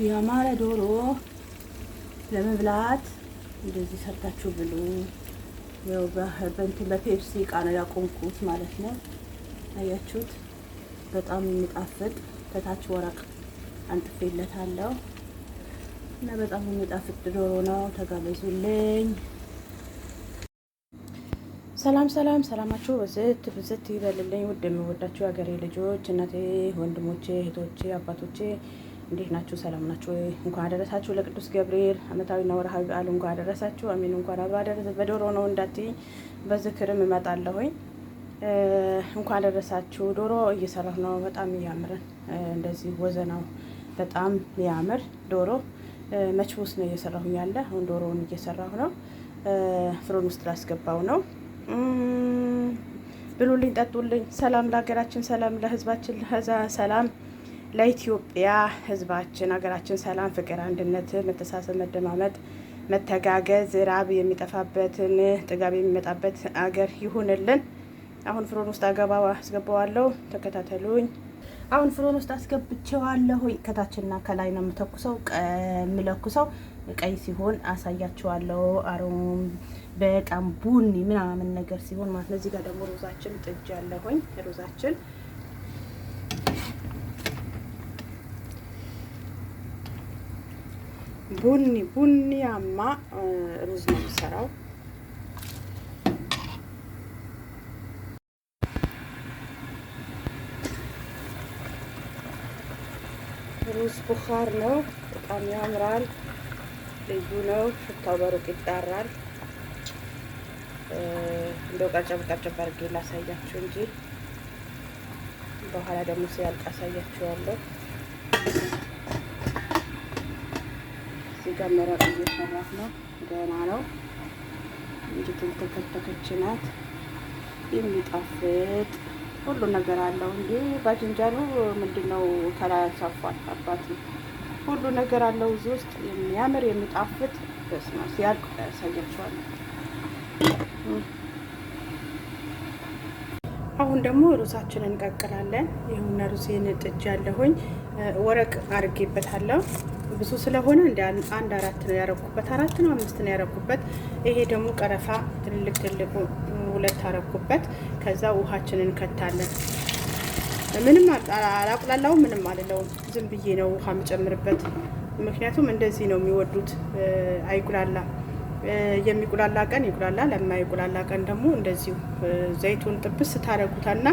እንግዲህ ያማረ ዶሮ ለመብላት እንደዚህ ሰርታችሁ ብሉ። ያው በእንትን በፔፕሲ እቃ ነው ያቆምኩት ማለት ነው። አያችሁት? በጣም የሚጣፍጥ ከታች ወረቅ አንጥፌለታለሁ እና በጣም የሚጣፍጥ ዶሮ ነው። ተጋበዙልኝ። ሰላም ሰላም፣ ሰላማችሁ ብዝት ብዝት ይበልልኝ። ውድ የምወዳችሁ የሀገሬ ልጆች፣ እናቴ፣ ወንድሞቼ፣ እህቶቼ፣ አባቶቼ እንዴት ናችሁ? ሰላም ናችሁ? እንኳን አደረሳችሁ ለቅዱስ ገብርኤል ዓመታዊና ወርሃዊ በዓል እንኳን አደረሳችሁ። አሜን። እንኳን አብሮ አደረሰ። በዶሮ ነው እንዳትይ፣ በዝክርም እመጣለሁኝ። እንኳን አደረሳችሁ። ዶሮ እየሰራሁ ነው። በጣም የሚያምር እንደዚህ ወዘናው በጣም የሚያምር ዶሮ መችቡስ ነው እየሰራሁ ያለ። አሁን ዶሮውን እየሰራሁ ነው። ፍሮን ውስጥ ላስገባው ነው። ብሉልኝ፣ ጠጡልኝ። ሰላም ለሀገራችን፣ ሰላም ለህዝባችን፣ ለህዛ ሰላም ለኢትዮጵያ ህዝባችን ሀገራችን ሰላም፣ ፍቅር፣ አንድነት፣ መተሳሰብ፣ መደማመጥ፣ መተጋገዝ ራብ የሚጠፋበትን ጥጋብ የሚመጣበት አገር ይሁንልን። አሁን ፍሮን ውስጥ አገባ አስገባዋለሁ። ተከታተሉኝ። አሁን ፍሮን ውስጥ አስገብቸዋለሁ ከታችና ከላይ ነው የምተኩሰው የምለኩሰው ቀይ ሲሆን አሳያችኋለሁ። አሮም በጣም ቡኒ ምናምን ነገር ሲሆን ማለት ነው። እዚህ ጋር ደግሞ ሮዛችን ጥጅ ያለሁኝ ሮዛችን ቡኒ ቡኒያማ ሩዝ ነው የሚሰራው። ሩዝ ቡኻር ነው። በጣም ያምራል። ልዩ ነው። ሽታው በሩቅ ይጣራል። እንደው ቀጨብ ቀጨብ አድርጌ ላሳያችሁ እንጂ በኋላ ደግሞ ሲያልቅ አሳያችኋለሁ። እዚህ ጋር መረቅ እየሰራት ነው። ገና ነው። እንዴት የተከተከች ናት። የሚጣፍጥ ሁሉ ነገር አለው። እንዴ ባጅንጃኑ ምንድን ነው ከላይ ያሳፏል አባት ሁሉ ነገር አለው እዚህ ውስጥ የሚያምር የሚጣፍጥ ደስ ነው። ሲያልቅ ያሳያቸዋለሁ። አሁን ደግሞ ሩዛችንን እንቀቅላለን። ይሁን ሩዜን ጥጃ ያለሁኝ ወረቅ አድርጌበታለሁ። ብዙ ስለሆነ እንደ አንድ አራት ነው ያረኩበት፣ አራት ነው አምስት ነው ያረኩበት። ይሄ ደግሞ ቀረፋ ትልልቅ ትልቁ ሁለት አረኩበት። ከዛ ውሃችንን እንከታለን። ምንም አላቁላላው ምንም አልለውም። ዝም ብዬ ነው ውሃ የምጨምርበት፣ ምክንያቱም እንደዚህ ነው የሚወዱት። አይቁላላ የሚቁላላ ቀን ይቁላላ፣ ለማይቁላላ ቀን ደግሞ እንደዚሁ ዘይቱን ጥብስ ታረጉታና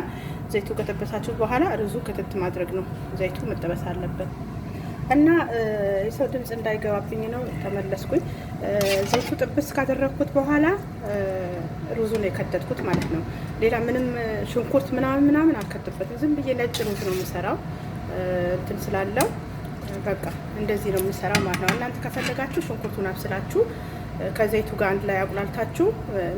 ዘይቱ ከጠበሳችሁ በኋላ ርዙ ክትት ማድረግ ነው። ዘይቱ መጠበስ አለበት። እና የሰው ድምፅ እንዳይገባብኝ ነው ተመለስኩኝ። ዘይቱ ጥብስ ካደረግኩት በኋላ ሩዙን የከተትኩት ማለት ነው። ሌላ ምንም ሽንኩርት ምናምን ምናምን አልከትበትም። ዝም ብዬ ነጭ ሩዝ ነው የምሰራው እንትን ስላለው በቃ እንደዚህ ነው የምሰራው ማለት ነው። እናንተ ከፈለጋችሁ ሽንኩርቱን አብስላችሁ ከዘይቱ ጋር አንድ ላይ አቁላልታችሁ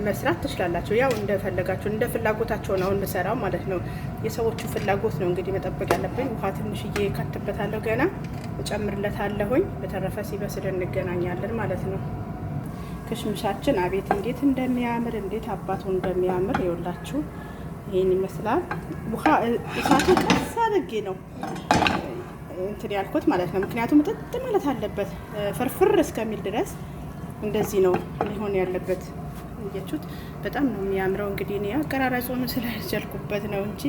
መስራት ትችላላችሁ። ያው እንደፈለጋችሁ እንደ ፍላጎታቸው ነው እንሰራው ማለት ነው። የሰዎቹ ፍላጎት ነው እንግዲህ መጠበቅ ያለብን። ውሃ ትንሽዬ ከትበታለሁ ገና እጨምርለታለሁኝ። በተረፈ ሲበስል እንገናኛለን ማለት ነው። ክሽምሻችን አቤት እንዴት እንደሚያምር እንዴት አባቱ እንደሚያምር ይውላችሁ። ይህን ይመስላል። ውሃ እሳቱ ቀስ አድርጌ ነው እንትን ያልኩት ማለት ነው። ምክንያቱም ጥጥ ማለት አለበት ፍርፍር እስከሚል ድረስ እንደዚህ ነው ሊሆን ያለበት። እያችሁት በጣም ነው የሚያምረው። እንግዲህ እኔ አቀራረጹን ስላልቻልኩበት ነው እንጂ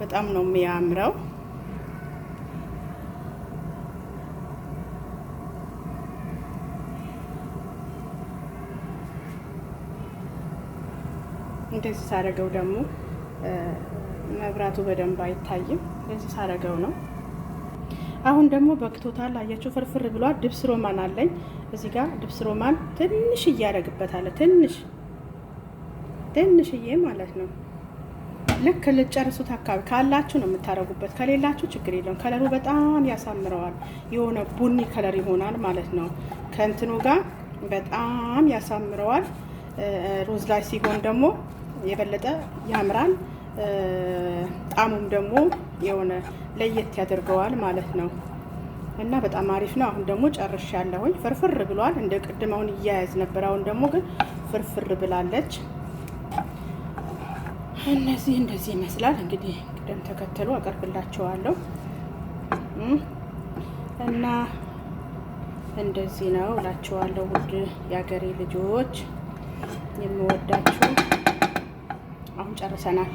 በጣም ነው የሚያምረው። እንደዚህ ሳረገው ደግሞ መብራቱ በደንብ አይታይም። እንደዚህ ሳረገው ነው አሁን ደግሞ በቅቶታል። አያችሁ ፍርፍር ብሏል። ድብስ ሮማን አለኝ እዚህ ጋር ድብስ ሮማን ትንሽ እያደረግበታለ ትንሽ ትንሽዬ ማለት ነው። ልክ ልጨርሱት አካባቢ ካላችሁ ነው የምታደርጉበት፣ ከሌላችሁ ችግር የለም። ከለሩ በጣም ያሳምረዋል። የሆነ ቡኒ ከለር ይሆናል ማለት ነው። ከእንትኑ ጋር በጣም ያሳምረዋል። ሩዝ ላይ ሲሆን ደግሞ የበለጠ ያምራል። ጣሙም ደግሞ የሆነ ለየት ያደርገዋል ማለት ነው። እና በጣም አሪፍ ነው። አሁን ደግሞ ያለሁኝ ፍርፍር ብሏል። እንደ ቅድም አሁን እያያዝ ነበር። አሁን ደግሞ ግን ፍርፍር ብላለች። እነዚህ እንደዚህ ይመስላል እንግዲህ ቅደም ተከተሉ አቀርብላቸዋለሁ እና እንደዚህ ነው እላቸዋለሁ። ውድ የአገሬ ልጆች የምወዳችሁ አሁን ጨርሰናል።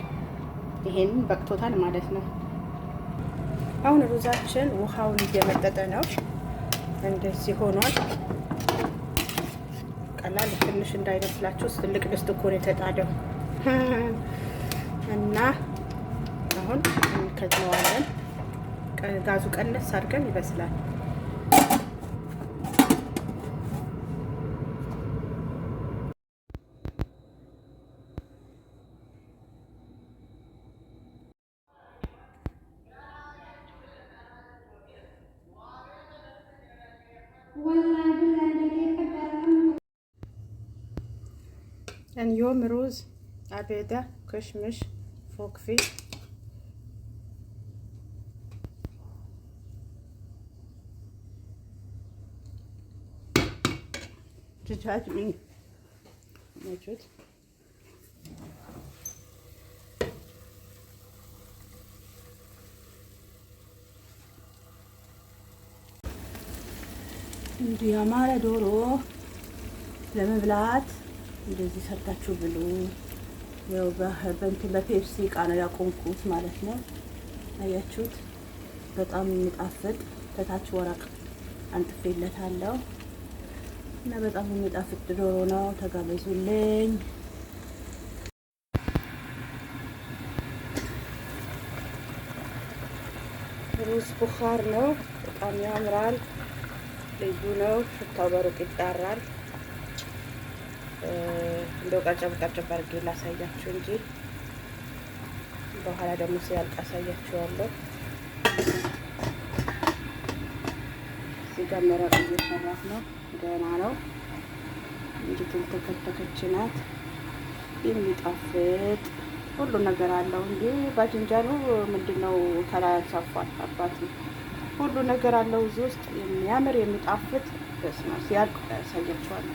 ይሄን በቅቶታል ማለት ነው። አሁን ሩዛችን ውሃውን እየመጠጠ ነው። እንደዚህ ሆኗል። ቀላል ትንሽ እንዳይመስላችሁ ትልቅ ድስት እኮ ነው የተጣደው እና አሁን እንከድነዋለን። ጋዙ ቀነስ አድርገን ይበስላል። እንዮም ሩዝ፣ አቤዳ፣ ክሽምሽ፣ ፎክፊ ድጃጅ ነቹት እንዲህ ያማረ ዶሮ ለመብላት እንደዚህ ሰርታችሁ ብሉ። ያው በእንትን በፔፕሲ እቃ ነው ያቆምኩት ማለት ነው። አያችሁት? በጣም የሚጣፍጥ ከታች ወረቅ አንጥፌለታለሁ እና በጣም የሚጣፍጥ ዶሮ ነው። ተጋበዙልኝ። ሩዝ ቡኻር ነው። በጣም ያምራል። ልዩ ነው። ሽታው በሩቅ ይጣራል። እንደው ቀርጨብ ቀርጨብ አድርጌ ላሳያችሁ እንጂ በኋላ ደግሞ ሲያልቅ አሳያችኋለሁ። እዚህ መረቅ እየሰራት ነው። ገና ነው። እንዲትል ተከተከች ናት። የሚጣፍጥ ሁሉ ነገር አለው እንጂ ባጅንጃኑ ምንድነው ነው ከላይ ያሳፏል አባት ነው ሁሉ ነገር አለው እዚህ ውስጥ የሚያምር የሚጣፍጥ ደስ ነው ሲያልቅ ያሳያቸዋል።